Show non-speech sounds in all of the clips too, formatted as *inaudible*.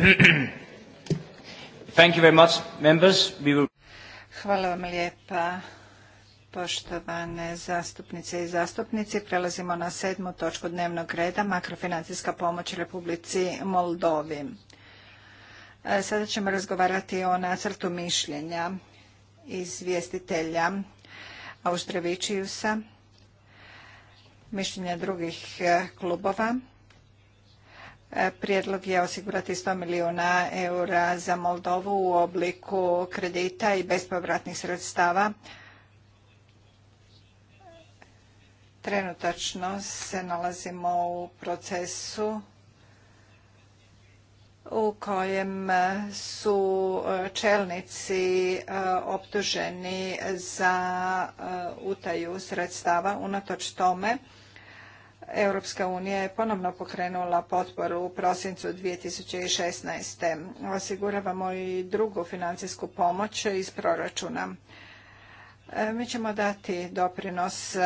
*clears throat* Hvala vam lijepa, poštovane zastupnice i zastupnici. Prelazimo na sedmu točku dnevnog reda, makrofinancijska pomoć Republici Moldovi. E, sada ćemo razgovarati o nacrtu mišljenja izvjestitelja Austrevičijusa, mišljenja drugih e, klubova. E, prijedlog je osigurati 100 milijuna eura za Moldovu u obliku kredita i bespovratnih sredstava. Trenutačno se nalazimo u procesu u kojem su e, čelnici e, optuženi za utaju sredstava unatoč tome Europska unija je ponovno pokrenula potporu u prosincu 2016. Osiguravamo i drugu financijsku pomoć iz proračuna. E, mi ćemo dati doprinos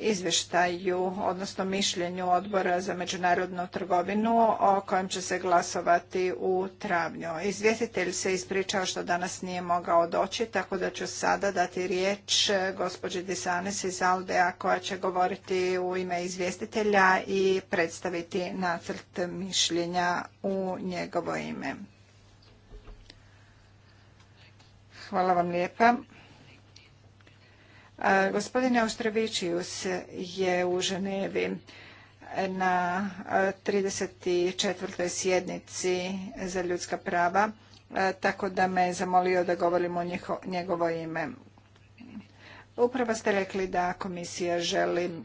izvještaju, odnosno mišljenju odbora za međunarodnu trgovinu o kojem će se glasovati u travnju. Izvjestitelj se ispričao što danas nije mogao doći, tako da ću sada dati riječ gospođi Disanis iz Aldea koja će govoriti u ime izvjestitelja i predstaviti nacrt mišljenja u njegovo ime. Hvala vam lijepa. Gospodine Oštrevićius je u Ženevi na 34. sjednici za ljudska prava, tako da me je zamolio da govorim o njegovo ime. Upravo ste rekli da komisija želi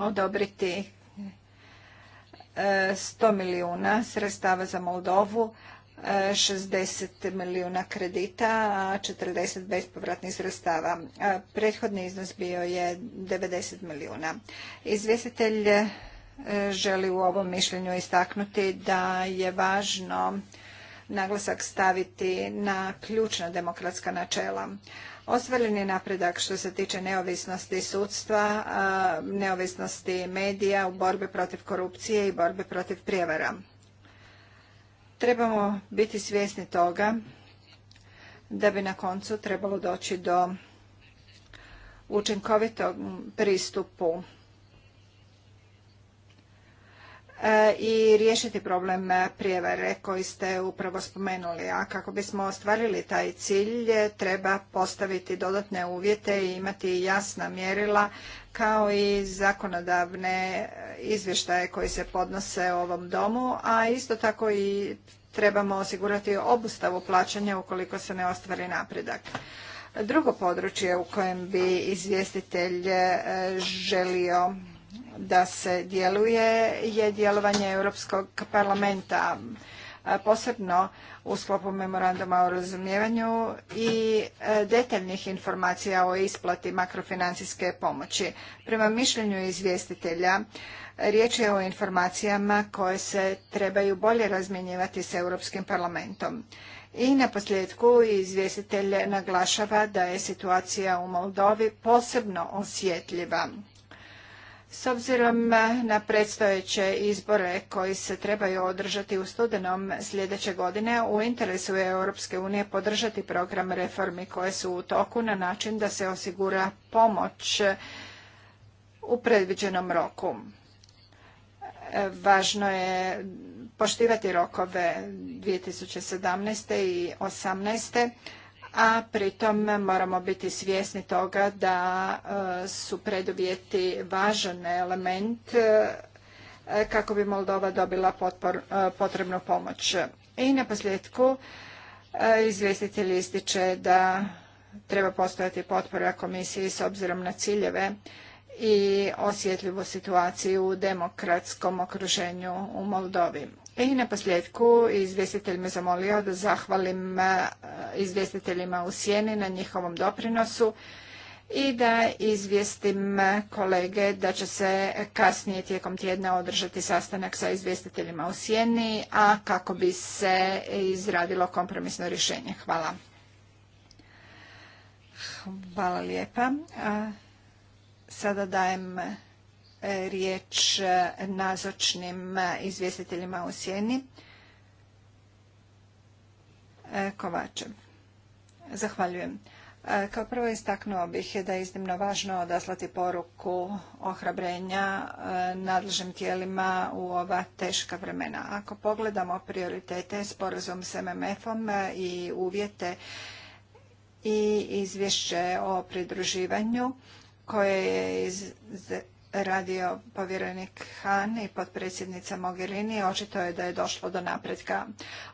odobriti 100 e, milijuna sredstava za Moldovu 60 milijuna kredita, a 40 bespovratnih sredstava. Prethodni iznos bio je 90 milijuna. Izvjestitelj e, želi u ovom mišljenju istaknuti da je važno naglasak staviti na ključna demokratska načela. Ostvaren je napredak što se tiče neovisnosti sudstva, neovisnosti medija u borbi protiv korupcije i borbi protiv prijevara. Trebamo biti svjesni toga da bi na koncu trebalo doći do učinkovitog pristupu E, i riješiti problem prijevare koji ste upravo spomenuli. A kako bismo ostvarili taj cilj treba postaviti dodatne uvjete i imati jasna mjerila kao i zakonodavne izvještaje koji se podnose ovom domu, a isto tako i trebamo osigurati obustavu plaćanja ukoliko se ne ostvari napredak. Drugo područje u kojem bi izvjestitelj e, želio da se djeluje je djelovanje Europskog parlamenta, posebno u sklopu memoranduma o razumijevanju i e, detaljnih informacija o isplati makrofinancijske pomoći. Prema mišljenju izvjestitelja, riječ je o informacijama koje se trebaju bolje razmjenjivati s Europskim parlamentom. I na posljedku izvjestitelj naglašava da je situacija u Moldovi posebno osjetljiva s obzirom na predstojeće izbore koji se trebaju održati u studenom sljedeće godine, u interesu je Europske unije podržati program reformi koje su u toku na način da se osigura pomoć u predviđenom roku. Važno je poštivati rokove 2017. i 2018 a pritom moramo biti svjesni toga da e, su preduvjeti važan element e, kako bi Moldova dobila e, potrebnu pomoć. I na posljedku izvjestitelj ističe da treba postojati potpora komisiji s obzirom na ciljeve i osjetljivu situaciju u demokratskom okruženju u Moldovi. I na posljedku izvjestitelj me zamolio da zahvalim e, izvjestiteljima u sjeni na njihovom doprinosu i da izvjestim kolege da će se kasnije tijekom tjedna održati sastanak sa izvjestiteljima u sjeni, a kako bi se izradilo kompromisno rješenje. Hvala. Hvala lijepa. Sada dajem E, riječ e, nazočnim e, izvjestiteljima u sjeni. Kovače, Zahvaljujem. Kao prvo istaknuo bih da je iznimno važno odaslati poruku ohrabrenja nadležnim tijelima u ova teška vremena. Ako pogledamo prioritete, sporazum s MMF-om i uvjete i izvješće o pridruživanju koje je iz radio povjerenik Han i potpredsjednica Mogherini, očito je da je došlo do napretka.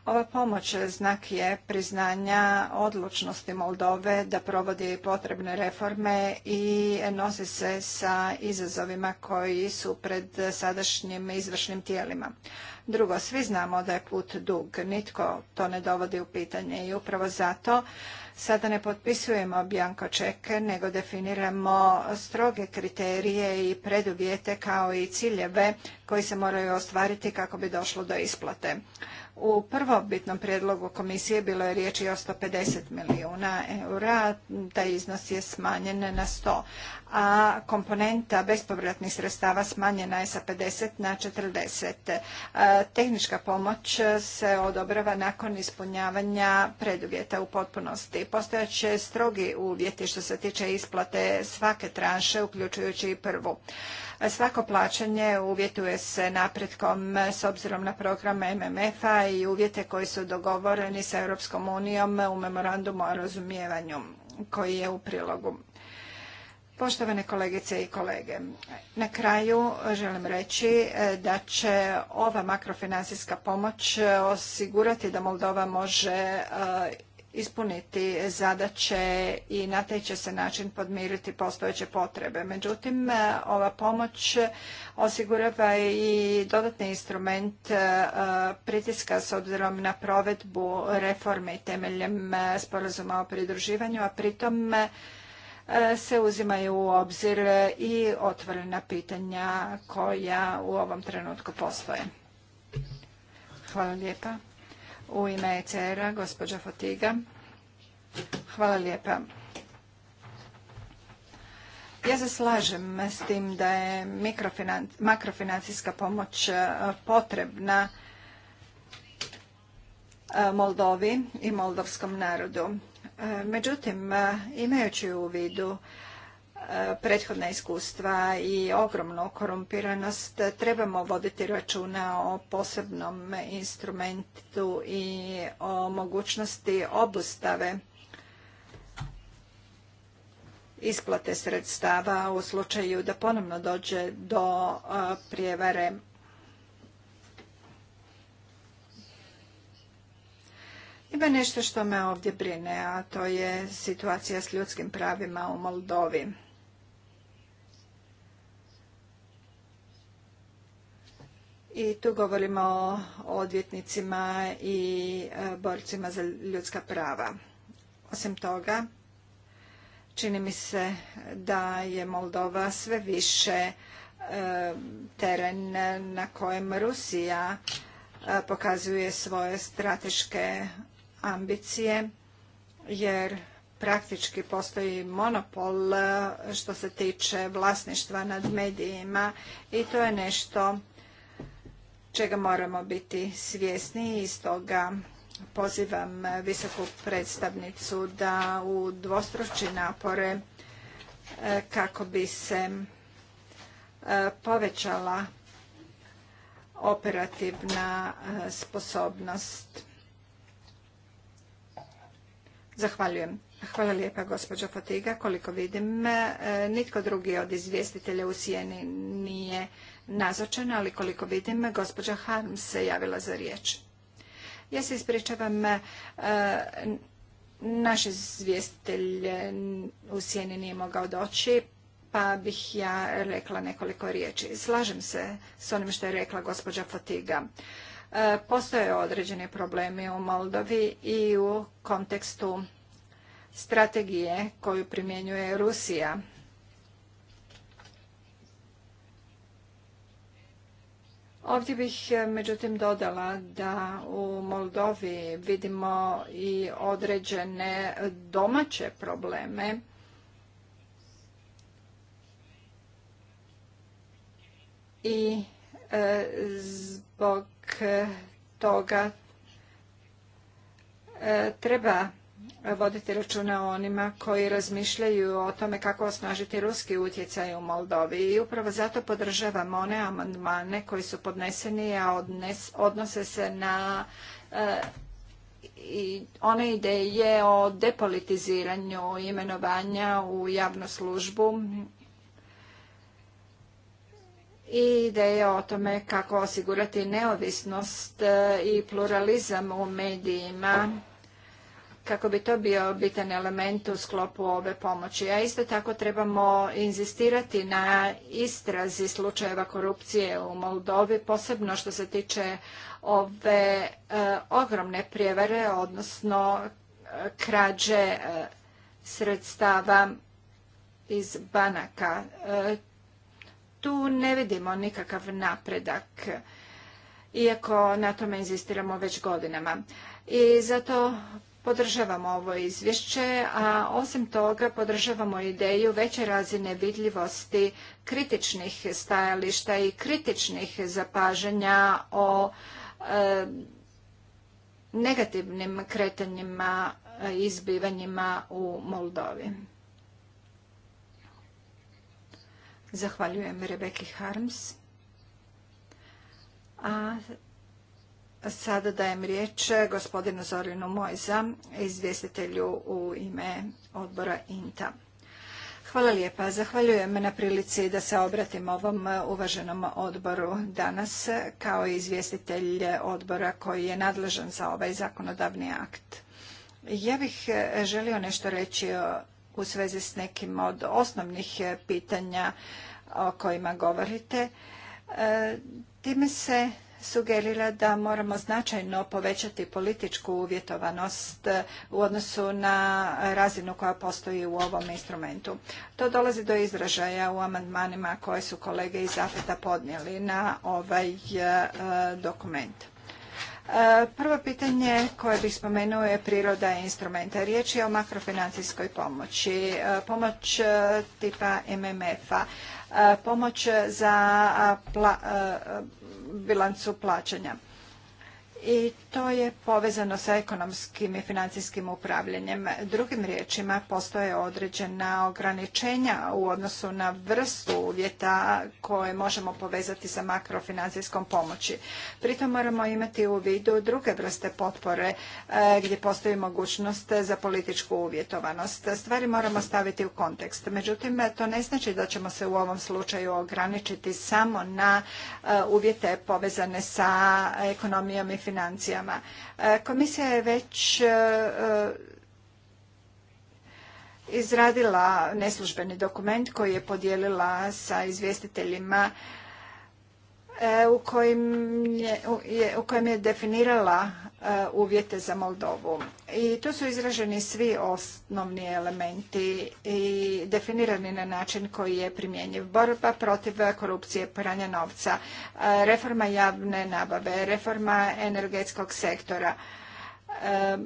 Ova pomoć znak je priznanja odlučnosti Moldove da provodi potrebne reforme i nosi se sa izazovima koji su pred sadašnjim izvršnim tijelima. Drugo, svi znamo da je put dug, nitko to ne dovodi u pitanje i upravo zato Sada ne potpisujemo bjanko čeke, nego definiramo stroge kriterije i preduvjete kao i ciljeve koji se moraju ostvariti kako bi došlo do isplate. U prvobitnom prijedlogu komisije bilo je riječi o 150 milijuna eura, taj iznos je smanjen na 100, a komponenta bespovratnih sredstava smanjena je sa 50 na 40. E, tehnička pomoć se odobrava nakon ispunjavanja preduvjeta u potpunosti. Postojaće strogi uvjeti što se tiče isplate svake tranše, uključujući i prvu. Svako plaćanje uvjetuje se napretkom s obzirom na program MMF-a i uvjete koji su dogovoreni sa Europskom unijom u memorandumu o razumijevanju koji je u prilogu. Poštovane kolegice i kolege, na kraju želim reći eh, da će ova makrofinansijska pomoć osigurati da Moldova može eh, ispuniti zadaće i na taj će se način podmiriti postojeće potrebe. Međutim, e, ova pomoć osigurava i dodatni instrument e, pritiska s obzirom na provedbu reforme i temeljem e, sporazuma o pridruživanju, a pritom se uzimaju u obzir i otvorena pitanja koja u ovom trenutku postoje. Hvala lijepa u ime ECR-a, gospođa Fotiga. Hvala lijepa. Ja se slažem s tim da je makrofinancijska pomoć e, potrebna e, Moldovi i moldovskom narodu. E, međutim, imajući u vidu prethodna iskustva i ogromnu korumpiranost, trebamo voditi računa o posebnom instrumentu i o mogućnosti obustave isplate sredstava u slučaju da ponovno dođe do prijevare. Ima nešto što me ovdje brine, a to je situacija s ljudskim pravima u Moldovi. i tu govorimo o odvjetnicima i e, borcima za ljudska prava. Osim toga, čini mi se da je Moldova sve više e, teren na kojem Rusija e, pokazuje svoje strateške ambicije jer praktički postoji monopol što se tiče vlasništva nad medijima i to je nešto čega moramo biti svjesni i stoga pozivam visoku predstavnicu da u dvostruči napore e, kako bi se e, povećala operativna e, sposobnost. Zahvaljujem. Hvala lijepa gospođo Fatiga. Koliko vidim, nitko drugi od izvjestitelja u Sijeni nije nazočan, ali koliko vidim, gospođa Harms se javila za riječ. Ja se ispričavam, e, naš izvjestitelj u sjeni nije mogao doći, pa bih ja rekla nekoliko riječi. Slažem se s onim što je rekla gospođa Fotiga. E, postoje određeni problemi u Moldovi i u kontekstu strategije koju primjenjuje Rusija Ovdje bih e, međutim dodala da u Moldovi vidimo i određene domaće probleme i e, zbog toga e, treba voditi računa o onima koji razmišljaju o tome kako osnažiti ruski utjecaj u Moldovi. I upravo zato podržavam one amandmane koji su podneseni, a odnose se na e, i one ideje o depolitiziranju imenovanja u javnu službu i ideje o tome kako osigurati neovisnost e, i pluralizam u medijima kako bi to bio bitan element u sklopu ove pomoći. A isto tako trebamo inzistirati na istrazi slučajeva korupcije u Moldovi, posebno što se tiče ove e, ogromne prijevare, odnosno e, krađe e, sredstava iz banaka. tu ne vidimo nikakav napredak, iako na tome inzistiramo već godinama. I zato Podržavamo ovo izvješće, a osim toga podržavamo ideju veće razine vidljivosti kritičnih stajališta i kritičnih zapažanja o e, negativnim kretanjima i e, izbivanjima u Moldovi. Zahvaljujem Rebeki Harms. A Sada dajem riječ gospodinu Zorinu Mojza, izvjestitelju u ime odbora INTA. Hvala lijepa. Zahvaljujem na prilici da se obratim ovom uvaženom odboru danas kao izvjestitelj odbora koji je nadležan za ovaj zakonodavni akt. Ja bih želio nešto reći u svezi s nekim od osnovnih pitanja o kojima govorite. Time se sugerira da moramo značajno povećati političku uvjetovanost e, u odnosu na razinu koja postoji u ovom instrumentu. To dolazi do izražaja u amandmanima koje su kolege iz AFETA podnijeli na ovaj e, e, dokument. Prvo pitanje koje bih spomenuo je priroda instrumenta. Riječ je o makrofinancijskoj pomoći, e, pomoć e, tipa MMF-a, e, pomoć za bilancu plaćanja i to je povezano sa ekonomskim i financijskim upravljanjem. Drugim riječima postoje određena ograničenja u odnosu na vrstu uvjeta koje možemo povezati sa makrofinancijskom pomoći. Pritom moramo imati u vidu druge vrste potpore e, gdje postoji mogućnost za političku uvjetovanost. Stvari moramo staviti u kontekst. Međutim, to ne znači da ćemo se u ovom slučaju ograničiti samo na e, uvjete povezane sa ekonomijom i financijama. E, komisija je već e, e, izradila neslužbeni dokument koji je podijelila sa izvjestiteljima u kojem je, u kojem je definirala E, uvjete za Moldovu. I tu su izraženi svi osnovni elementi i definirani na način koji je primjenjiv. Borba protiv korupcije, pranja novca, e, reforma javne nabave, reforma energetskog sektora, e,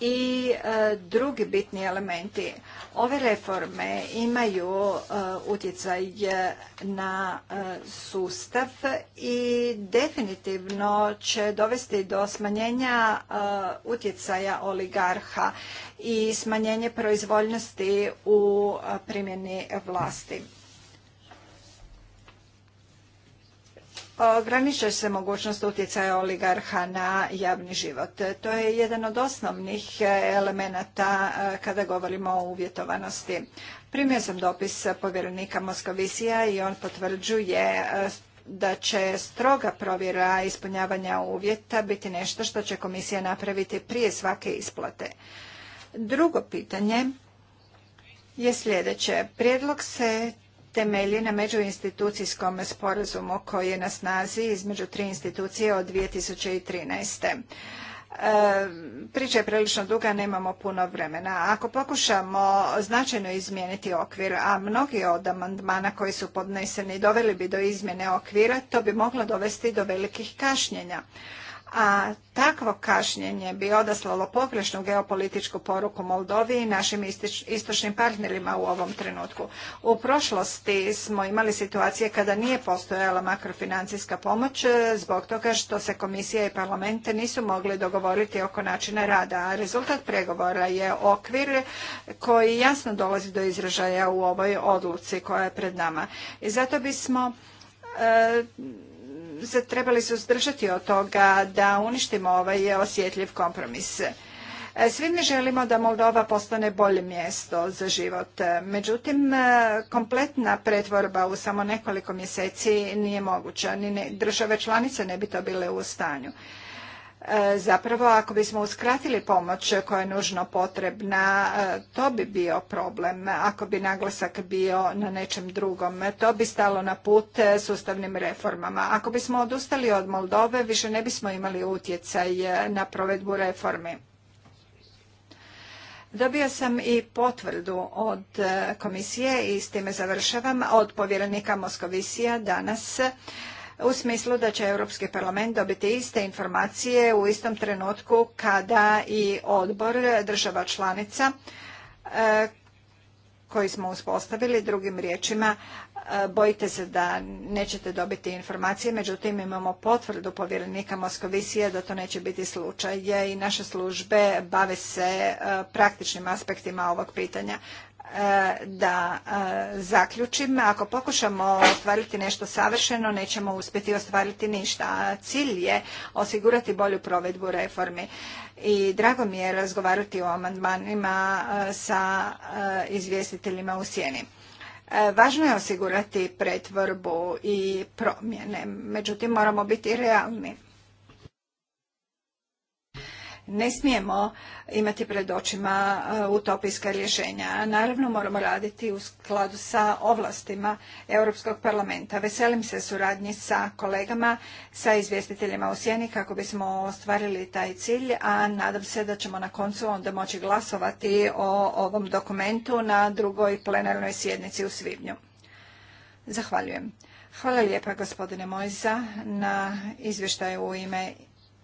i e, drugi bitni elementi. Ove reforme imaju e, utjecaj na e, sustav i definitivno će dovesti do smanjenja utjecaja oligarha i smanjenje proizvoljnosti u primjeni vlasti. Ograničuje se mogućnost utjecaja oligarha na javni život. To je jedan od osnovnih e, elemenata e, kada govorimo o uvjetovanosti. Primio sam dopis povjerenika Moskovisija i on potvrđuje e, da će stroga provjera ispunjavanja uvjeta biti nešto što će komisija napraviti prije svake isplate. Drugo pitanje je sljedeće. Prijedlog se temelji na međuinstitucijskom sporazumu koji je na snazi između tri institucije od 2013. E, priča je prilično duga, nemamo puno vremena. Ako pokušamo značajno izmijeniti okvir, a mnogi od amandmana koji su podneseni doveli bi do izmjene okvira, to bi moglo dovesti do velikih kašnjenja a takvo kašnjenje bi odaslalo pogrešnu geopolitičku poruku Moldoviji i našim istočnim partnerima u ovom trenutku. U prošlosti smo imali situacije kada nije postojala makrofinancijska pomoć e, zbog toga što se komisija i parlamente nisu mogli dogovoriti oko načina rada, a rezultat pregovora je okvir koji jasno dolazi do izražaja u ovoj odluci koja je pred nama. I zato bismo e, se trebali suzdržati od toga da uništimo ovaj osjetljiv kompromis. E, svi mi želimo da Moldova postane bolje mjesto za život. E, međutim, e, kompletna pretvorba u samo nekoliko mjeseci nije moguća. Ni države članice ne bi to bile u stanju. E, zapravo, ako bismo uskratili pomoć koja je nužno potrebna, e, to bi bio problem. Ako bi naglasak bio na nečem drugom, to bi stalo na put e, sustavnim reformama. Ako bismo odustali od Moldove, više ne bismo imali utjecaj na provedbu reformi. Dobio sam i potvrdu od komisije i s time završavam, od povjerenika Moskovisija danas u smislu da će Europski parlament dobiti iste informacije u istom trenutku kada i odbor država članica e, koji smo uspostavili, drugim riječima, e, bojite se da nećete dobiti informacije, međutim imamo potvrdu povjerenika Moskovisije da to neće biti slučaj i naše službe bave se e, praktičnim aspektima ovog pitanja da e, zaključim, ako pokušamo ostvariti nešto savršeno, nećemo uspjeti ostvariti ništa. cilj je osigurati bolju provedbu reformi. I drago mi je razgovarati o amandmanima e, sa e, izvjestiteljima u sjeni. Važno je osigurati pretvorbu i promjene, međutim moramo biti realni. Ne smijemo imati pred očima e, utopijska rješenja. Naravno moramo raditi u skladu sa ovlastima Europskog parlamenta. Veselim se suradnji sa kolegama, sa izvjestiteljima u Sjeni kako bismo ostvarili taj cilj, a nadam se da ćemo na koncu onda moći glasovati o ovom dokumentu na drugoj plenarnoj sjednici u svibnju. Zahvaljujem. Hvala lijepa gospodine Mojza na izvještaju u ime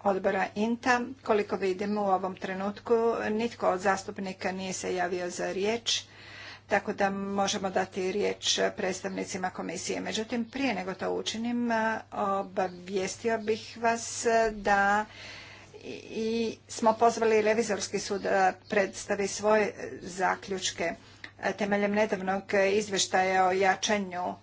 odbora INTA. Koliko vidimo u ovom trenutku, nitko od zastupnika nije se javio za riječ, tako da možemo dati riječ predstavnicima komisije. Međutim, prije nego to učinim, obavijestio bih vas da i smo pozvali revizorski sud da predstavi svoje zaključke temeljem nedavnog izvještaja o jačanju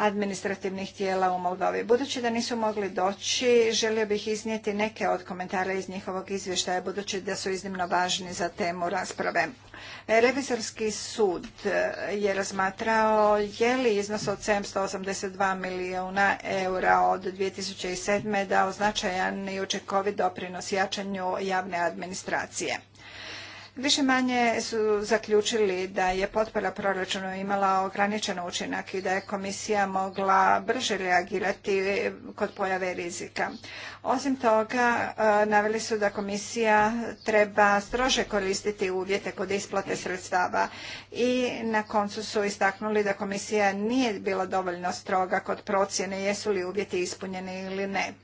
administrativnih tijela u Moldovi. Budući da nisu mogli doći, želio bih iznijeti neke od komentara iz njihovog izvještaja, budući da su iznimno važni za temu rasprave. Revizorski sud e, je razmatrao je li iznos od 782 milijuna eura od 2007. dao značajan i učinkovit doprinos jačanju javne administracije. Više manje su zaključili da je potpora proračunu imala ograničen učinak i da je komisija mogla brže reagirati kod pojave rizika. Osim toga, e, naveli su da komisija treba strože koristiti uvjete kod isplate sredstava i na koncu su istaknuli da komisija nije bila dovoljno stroga kod procjene jesu li uvjeti ispunjeni ili ne.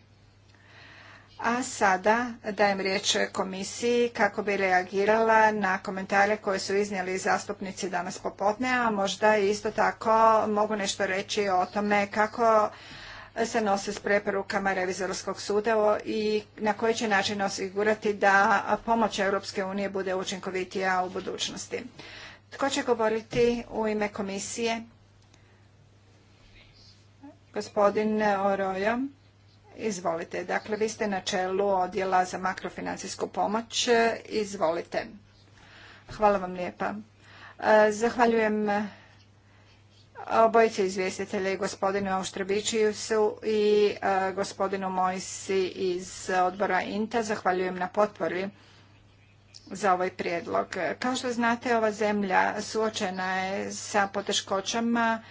A sada dajem riječ komisiji kako bi reagirala na komentare koje su iznijeli zastupnici danas popodne, a možda isto tako mogu nešto reći o tome kako se nose s preporukama revizorskog suda i na koji će način osigurati da pomoć Europske unije bude učinkovitija u budućnosti. Tko će govoriti u ime komisije? Gospodin Orojo Izvolite. Dakle, vi ste na čelu odjela za makrofinancijsku pomoć. Izvolite. Hvala vam lijepa. E, zahvaljujem obojice izvjestitelje, gospodinu Oštrebičijusu i e, gospodinu Mojsi iz odbora INTA. Zahvaljujem na potpori za ovaj prijedlog. Kao što znate, ova zemlja suočena je sa poteškoćama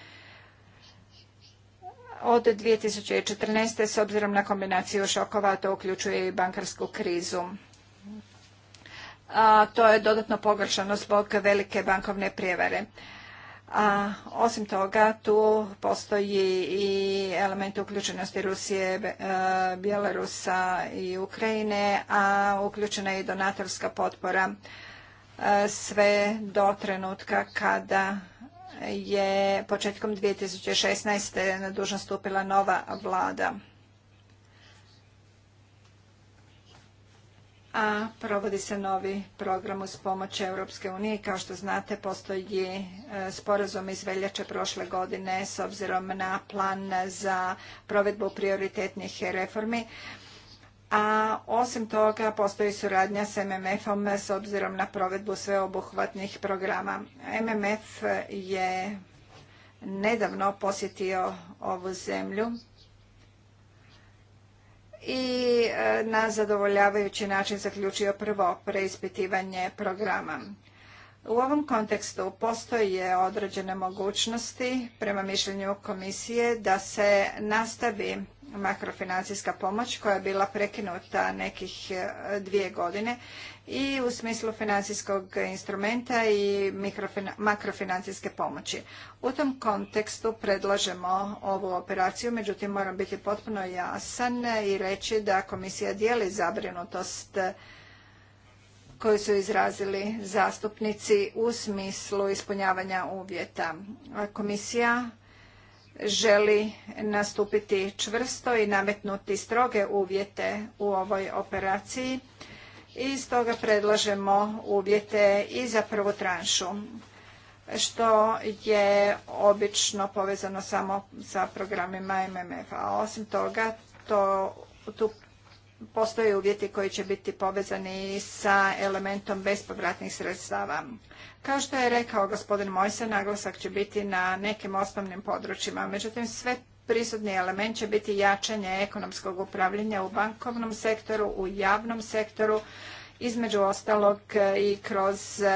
od 2014. s obzirom na kombinaciju šokova, to uključuje i bankarsku krizu. to je dodatno pogoršano zbog velike bankovne prijevare. A osim toga, tu postoji i element uključenosti Rusije, e, Bjelorusa i Ukrajine, a uključena je i donatorska potpora e, sve do trenutka kada je početkom 2016. na dužnost stupila nova vlada. a provodi se novi program uz pomoć Europske unije. Kao što znate, postoji e, sporazum iz veljače prošle godine s obzirom na plan za provedbu prioritetnih reformi a osim toga postoji suradnja s MMF-om s obzirom na provedbu sveobuhvatnih programa. MMF je nedavno posjetio ovu zemlju i e, na zadovoljavajući način zaključio prvo preispitivanje programa. U ovom kontekstu postoje određene mogućnosti prema mišljenju komisije da se nastavi makrofinancijska pomoć koja je bila prekinuta nekih e, dvije godine i u smislu financijskog instrumenta i makrofinancijske pomoći. U tom kontekstu predlažemo ovu operaciju, međutim moram biti potpuno jasan i reći da komisija dijeli zabrinutost koju su izrazili zastupnici u smislu ispunjavanja uvjeta. Komisija želi nastupiti čvrsto i nametnuti stroge uvjete u ovoj operaciji i stoga predlažemo uvjete i za prvu tranšu što je obično povezano samo sa programima MMF-a. Osim toga, tu postoje uvjeti koji će biti povezani sa elementom bespovratnih sredstava. Kao što je rekao gospodin Mojsa, naglasak će biti na nekim osnovnim područjima. Međutim, sve prisutni element će biti jačanje ekonomskog upravljanja u bankovnom sektoru, u javnom sektoru, između ostalog i kroz e,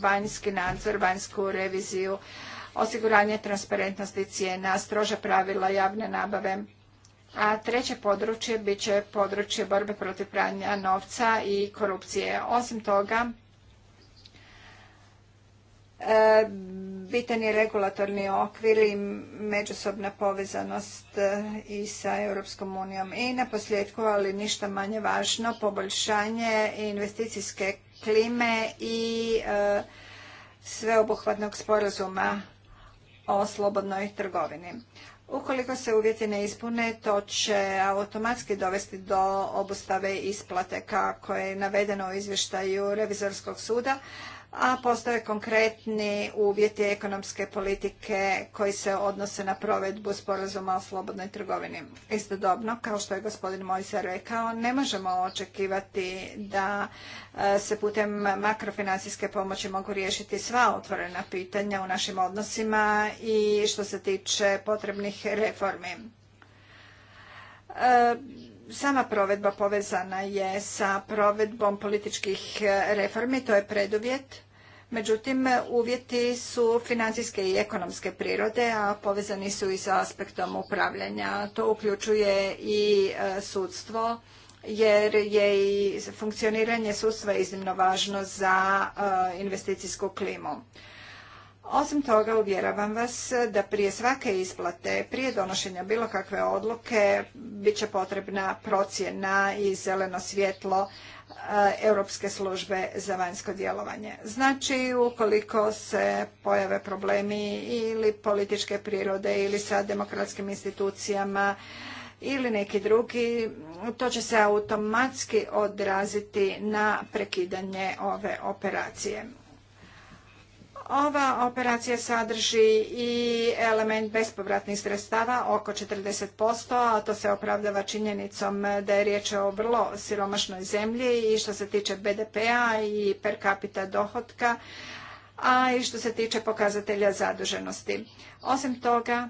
vanjski nadzor, vanjsku reviziju, osiguranje transparentnosti cijena, stroža pravila javne nabave a treće područje bit će područje borbe protiv pranja novca i korupcije. Osim toga, e, bitan je regulatorni okvir i međusobna povezanost e, i sa Europskom unijom. I na ali ništa manje važno, poboljšanje investicijske klime i e, sveobuhvatnog sporazuma o slobodnoj trgovini. Ukoliko se uvjeti ne ispune, to će automatski dovesti do obustave isplate kako je navedeno u izvještaju Revizorskog suda, a postoje konkretni uvjeti ekonomske politike koji se odnose na provedbu sporazuma o slobodnoj trgovini. Istodobno, kao što je gospodin Mojsa rekao, ne možemo očekivati da e, se putem makrofinancijske pomoći mogu riješiti sva otvorena pitanja u našim odnosima i što se tiče potrebnih reformi. E, Sama provedba povezana je sa provedbom političkih e, reformi, to je preduvjet. Međutim, uvjeti su financijske i ekonomske prirode, a povezani su i sa aspektom upravljanja. To uključuje i e, sudstvo, jer je i funkcioniranje sudstva iznimno važno za e, investicijsku klimu. Osim toga, uvjeravam vas da prije svake isplate, prije donošenja bilo kakve odluke, bit će potrebna procjena i zeleno svjetlo e, Europske službe za vanjsko djelovanje. Znači, ukoliko se pojave problemi ili političke prirode ili sa demokratskim institucijama ili neki drugi, to će se automatski odraziti na prekidanje ove operacije. Ova operacija sadrži i element bespovratnih sredstava, oko 40%, a to se opravdava činjenicom da je riječ o vrlo siromašnoj zemlji i što se tiče BDP-a i per capita dohotka, a i što se tiče pokazatelja zaduženosti. Osim toga,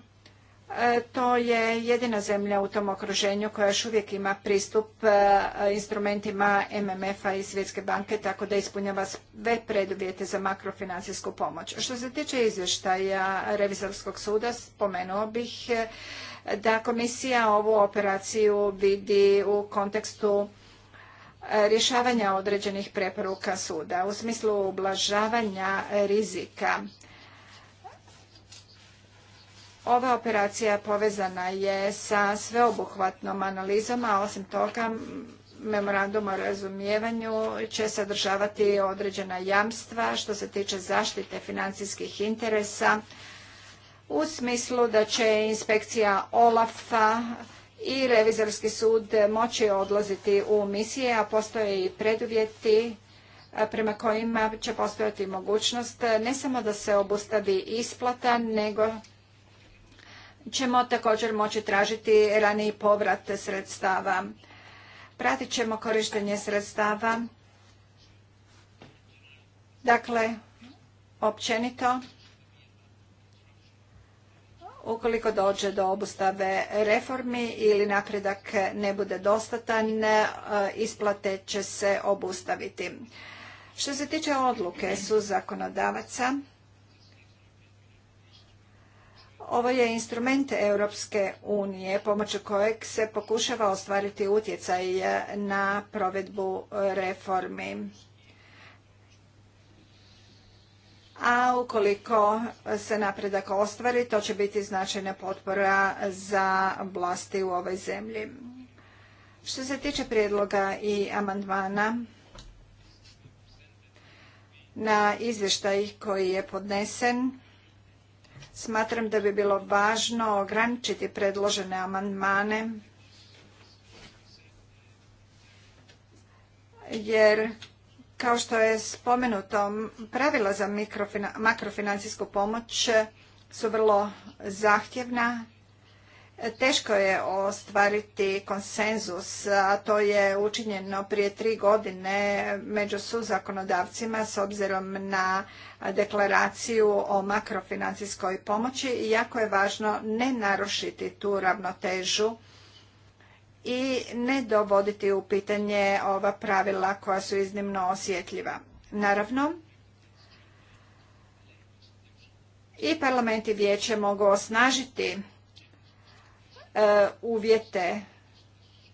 E, to je jedina zemlja u tom okruženju koja još uvijek ima pristup e, instrumentima MMF-a i Svjetske banke, tako da ispunjava sve preduvjete za makrofinancijsku pomoć. Što se tiče izvještaja Revizorskog suda, spomenuo bih e, da komisija ovu operaciju vidi u kontekstu rješavanja određenih preporuka suda u smislu ublažavanja rizika ova operacija povezana je sa sveobuhvatnom analizom, a osim toga memorandum o razumijevanju će sadržavati određena jamstva što se tiče zaštite financijskih interesa u smislu da će inspekcija OLAF-a i revizorski sud moći odlaziti u misije, a postoje i preduvjeti prema kojima će postojati mogućnost ne samo da se obustavi isplata, nego ćemo također moći tražiti raniji povrat sredstava. Pratit ćemo korištenje sredstava. Dakle, općenito, ukoliko dođe do obustave reformi ili napredak ne bude dostatan, eh, isplate će se obustaviti. Što se tiče odluke su zakonodavaca, ovo je instrument Europske unije pomoću kojeg se pokušava ostvariti utjecaj na provedbu reformi. A ukoliko se napredak ostvari, to će biti značajna potpora za vlasti u ovoj zemlji. Što se tiče prijedloga i amandmana, na izvještaj koji je podnesen, Smatram da bi bilo važno ograničiti predložene amandmane jer kao što je spomenuto pravila za makrofinancijsku pomoć su vrlo zahtjevna Teško je ostvariti konsenzus, a to je učinjeno prije tri godine među suzakonodavcima s obzirom na deklaraciju o makrofinancijskoj pomoći i jako je važno ne narušiti tu ravnotežu i ne dovoditi u pitanje ova pravila koja su iznimno osjetljiva. Naravno, i parlament i vijeće mogu osnažiti E, uvjete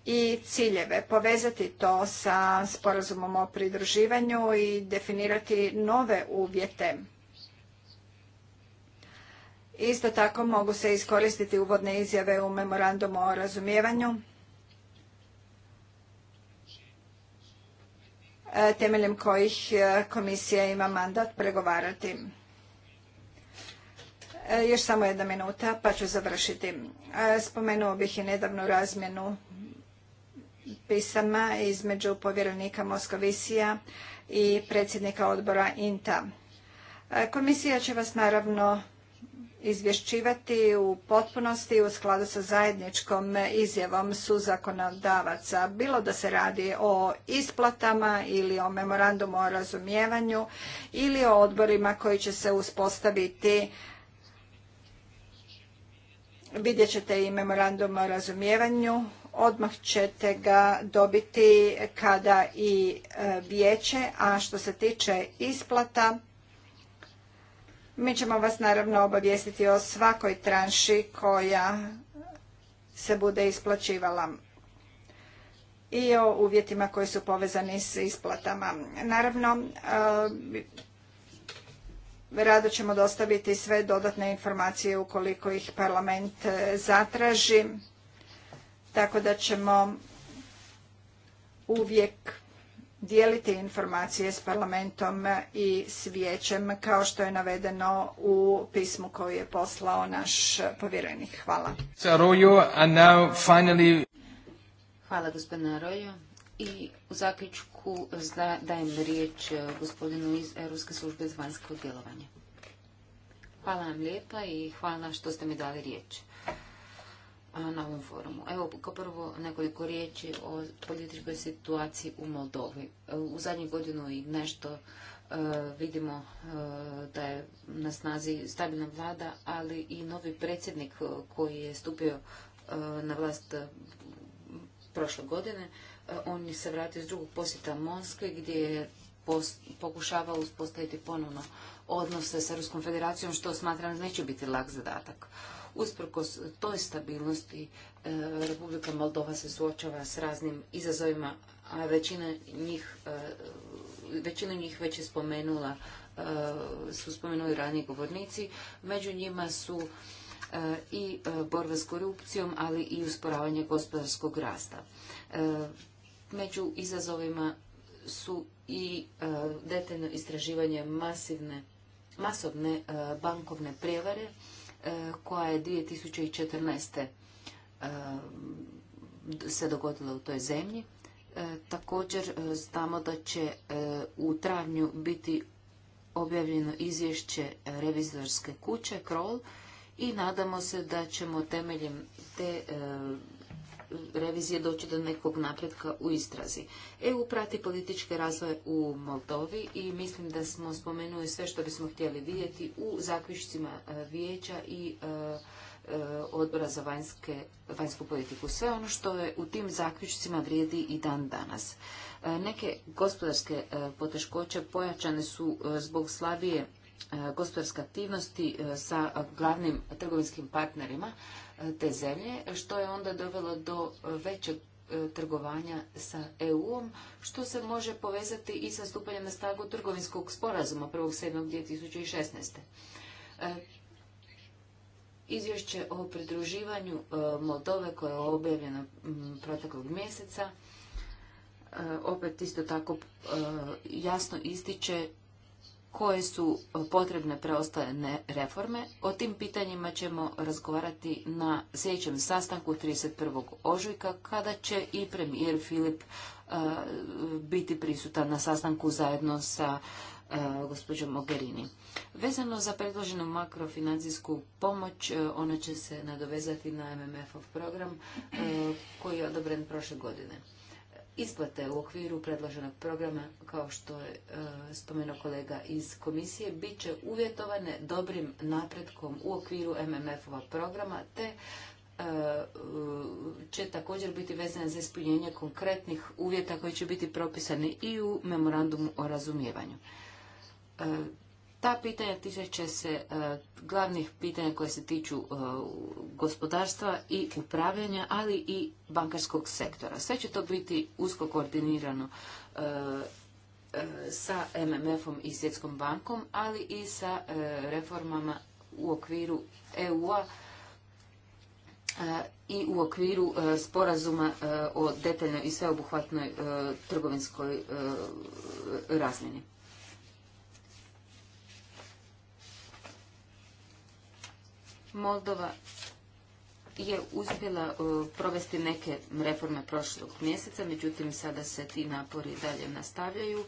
i ciljeve, povezati to sa sporazumom o pridruživanju i definirati nove uvjete. Isto tako mogu se iskoristiti uvodne izjave u memorandumu o razumijevanju e, temeljem kojih e, komisija ima mandat pregovarati. E, još samo jedna minuta pa ću završiti. E, spomenuo bih i nedavnu razmjenu pisama između povjerenika Moskovisija i predsjednika odbora INTA. E, komisija će vas naravno izvješćivati u potpunosti u skladu sa zajedničkom izjavom zakonodavaca, bilo da se radi o isplatama ili o memorandumu o razumijevanju ili o odborima koji će se uspostaviti Vidjet ćete i memorandum o razumijevanju. Odmah ćete ga dobiti kada i e, vijeće, a što se tiče isplata, mi ćemo vas naravno obavijestiti o svakoj tranši koja se bude isplaćivala i o uvjetima koji su povezani s isplatama. Naravno, e, Rado ćemo dostaviti sve dodatne informacije ukoliko ih parlament e, zatraži, tako da ćemo uvijek dijeliti informacije s parlamentom i s vijećem kao što je navedeno u pismu koju je poslao naš povjerenik. Hvala. Hvala gospodine Arojo. I u zaključku dajem riječ e, gospodinu iz Europske službe za vanjsko djelovanje. Hvala vam lijepa i hvala što ste mi dali riječ e, na ovom forumu. Evo, kao prvo nekoliko riječi o političkoj situaciji u Moldovi. E, u zadnju godinu i nešto vidimo da je na snazi stabilna vlada, ali i novi predsjednik koji je stupio na vlast prošle godine E, on je se vratio iz drugog posjeta Monske gdje je pokušavao uspostaviti ponovno odnose sa Ruskom federacijom, što smatram neće biti lak zadatak. Usprkos toj stabilnosti e, Republika Moldova se suočava s raznim izazovima, a većina njih, e, većina njih već je spomenula, su spomenuli ranije govornici. Među njima su i borba s korupcijom, ali i usporavanje gospodarskog rasta. Među izazovima su i e, detaljno istraživanje masivne, masovne e, bankovne prijevare e, koja je 2014. se dogodila u toj zemlji. Također znamo da će u travnju biti objavljeno izvješće revizorske kuće Kroll i nadamo se da ćemo temeljem te revizije doći do nekog napretka u istrazi. EU prati političke razvoje u Moldovi i mislim da smo spomenuli sve što bismo htjeli vidjeti u zaključcima e, vijeća i e, e, odbora za vanjske, vanjsku politiku. Sve ono što je u tim zaključcima vrijedi i dan danas. Neke gospodarske poteškoće pojačane su zbog slabije gospodarske aktivnosti sa glavnim trgovinskim partnerima, te zemlje, što je onda dovelo do većeg e, trgovanja sa EU-om, što se može povezati i sa stupanjem na snagu trgovinskog sporazuma 1.7.2016. E, izvješće o pridruživanju e, Moldove koja je objavljena proteklog mjeseca opet isto tako jasno ističe koje su e, potrebne preostane reforme. O tim pitanjima ćemo razgovarati na sljedećem sastanku 31. ožujka kada će i premijer Filip e, biti prisutan na sastanku zajedno sa e, gospođom Mogherini. Vezano za predloženu makrofinancijsku pomoć, ona će se nadovezati na MMF-ov program koji je odobren prošle godine isplate u okviru predloženog programa, kao što je e, spomenuo kolega iz komisije, bit će uvjetovane dobrim napretkom u okviru MMF-ova programa, te e, će također biti vezane za ispunjenje konkretnih uvjeta koji će biti propisani i u memorandumu o razumijevanju. E, ta pitanja tiče se e, glavnih pitanja koje se tiču e, gospodarstva i upravljanja, ali i bankarskog sektora. Sve će to biti usko koordinirano e, sa MMF-om i Svjetskom bankom, ali i sa reformama u okviru EU-a i u okviru sporazuma o detaljnoj i sveobuhvatnoj trgovinskoj razmjeni. Moldova je uspjela e, provesti neke reforme prošlog mjeseca, međutim sada se ti napori dalje nastavljaju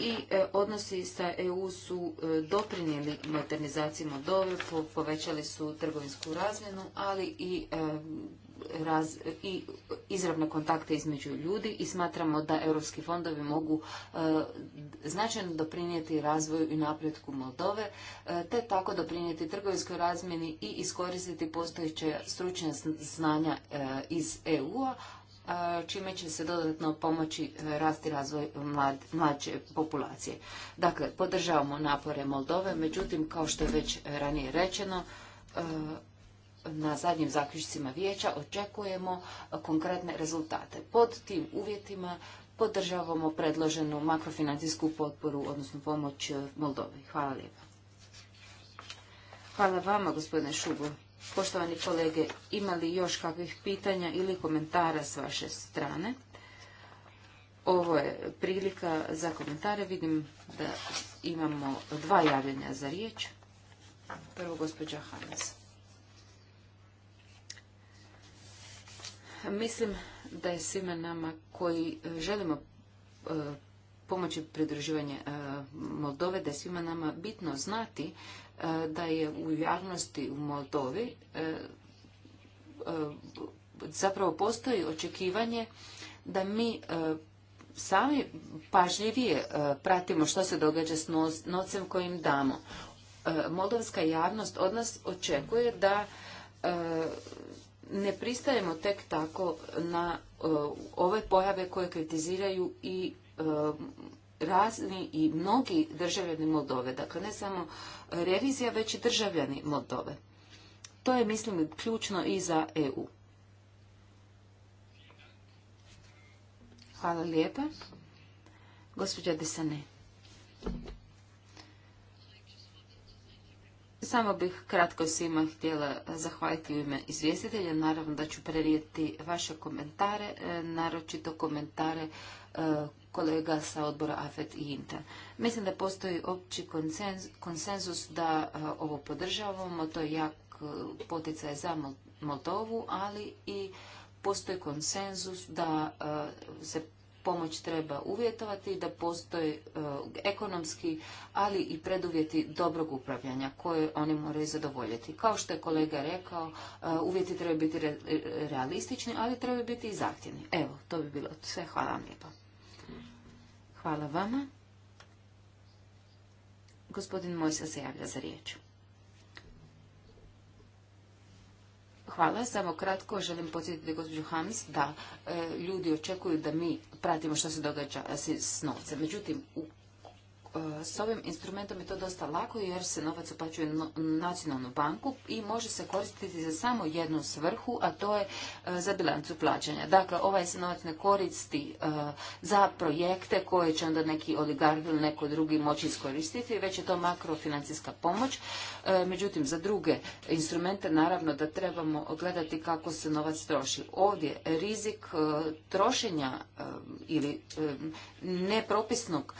i e, odnosi sa EU su e, doprinijeli modernizaciji Moldove, povećali su trgovinsku razmjenu, ali i raz, i izravne kontakte između ljudi i smatramo da europski fondovi mogu e, značajno doprinijeti razvoju i napretku Moldove, e, te tako doprinijeti trgovinskoj razmjeni i iskoristiti postojeće stručne znanja e, iz EU-a, čime će se dodatno pomoći rasti razvoj mlad, mlađe populacije. Dakle, podržavamo napore Moldove, međutim, kao što je već ranije rečeno, na zadnjim zaključcima vijeća očekujemo konkretne rezultate. Pod tim uvjetima podržavamo predloženu makrofinancijsku potporu, odnosno pomoć Moldovi. Hvala lijepa. Hvala vama, gospodine Šubo. Poštovani kolege, ima li još kakvih pitanja ili komentara s vaše strane? Ovo je prilika za komentare. Vidim da imamo dva javljenja za riječ. Prvo, gospođa Hans. Mislim da je svima nama koji e, želimo e, pomoći pridruživanje Moldove, da je svima nama bitno znati e, da je u javnosti u Moldovi zapravo postoji očekivanje da mi sami pažljivije pratimo što se događa s nocem kojim damo. Moldovska javnost od nas očekuje da ne pristajemo tek tako na e, ove pojave koje kritiziraju i e, razni i mnogi državljani Moldove. Dakle, ne samo revizija, već i državljani Moldove. To je, mislim, ključno i za EU. Hvala lijepa. Gospođa Desane. Samo bih kratko svima htjela zahvaliti u ime izvjestitelja. Naravno da ću prerijeti vaše komentare, e, naročito komentare e, kolega sa odbora AFET i INTA. Mislim da postoji opći konsenzus da e, ovo podržavamo, to je jak poticaj za Moldovu, ali i postoji konsenzus da se pomoć treba uvjetovati da postoje e, ekonomski, ali i preduvjeti dobrog upravljanja koje oni moraju zadovoljiti. Kao što je kolega rekao, e, uvjeti trebaju biti e, realistični, ali trebaju biti i zahtjevni. Evo, to bi bilo sve. Hvala vam lijepo. Hvala vama. Gospodin Mojsa se javlja za riječ. Hvala. Samo kratko želim podsjetiti gospođu Hams da e, ljudi očekuju da mi pratimo što se događa e, s novcem. Međutim, u E, s ovim instrumentom je to dosta lako jer se novac uplaćuje u nacionalnu banku i može se koristiti za samo jednu svrhu, a to je e, za bilancu plaćanja. Dakle, ovaj se novac ne koristi e, za projekte koje će onda neki oligarh ili neko drugi moći iskoristiti, već je to makrofinancijska pomoć. Međutim, za druge instrumente naravno da trebamo gledati kako se novac troši. Ovdje rizik trošenja ili nepropisnog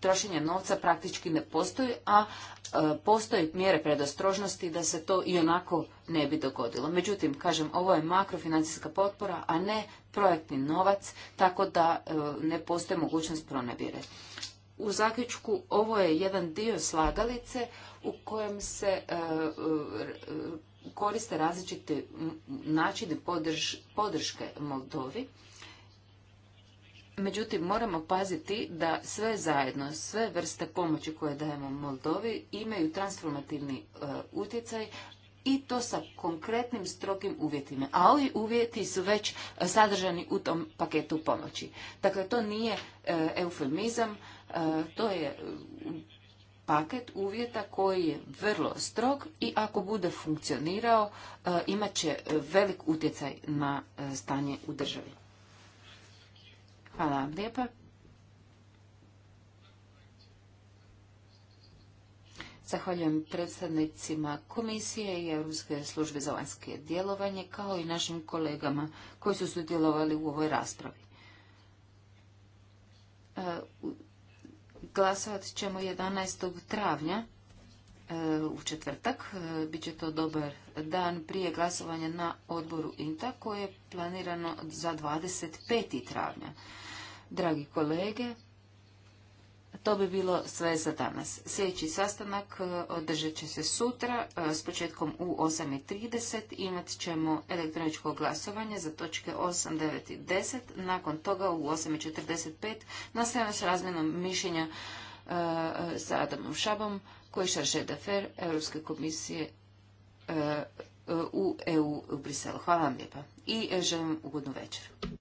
trošenja novca praktički ne postoji, a e, postoje mjere predostrožnosti da se to i onako ne bi dogodilo. Međutim, kažem, ovo je makrofinancijska potpora, a ne projektni novac, tako da e, ne postoji mogućnost pronevjere. U zaključku ovo je jedan dio slagalice u kojem se e, koriste različiti načini podrške Moldovi Međutim, moramo paziti da sve zajedno, sve vrste pomoći koje dajemo Moldovi imaju transformativni e, utjecaj i to sa konkretnim strokim uvjetima. A ovi uvjeti su već e, sadržani u tom paketu pomoći. Dakle, to nije e, eufemizam, to je paket uvjeta koji je vrlo strog i ako bude funkcionirao imat će velik utjecaj na stanje u državi. Hvala vam lijepa. Zahvaljujem predstavnicima Komisije i Europske službe za vanjske djelovanje, kao i našim kolegama koji su sudjelovali u ovoj raspravi. E, glasovat ćemo 11. travnja e, u četvrtak. E, Biće to dobar dan prije glasovanja na odboru INTA koje je planirano za 25. travnja. Dragi kolege, to bi bilo sve za danas. Sljedeći sastanak e, održat će se sutra e, s početkom u 8.30. Imat ćemo elektroničko glasovanje za točke 8, 9 i 10. Nakon toga u 8.45 nastavljamo s razmjenom mišljenja e, sa Adamom Šabom koji šarže fer Europske komisije u EU u Briselu. Hvala vam lijepa i želim ugodnu večer.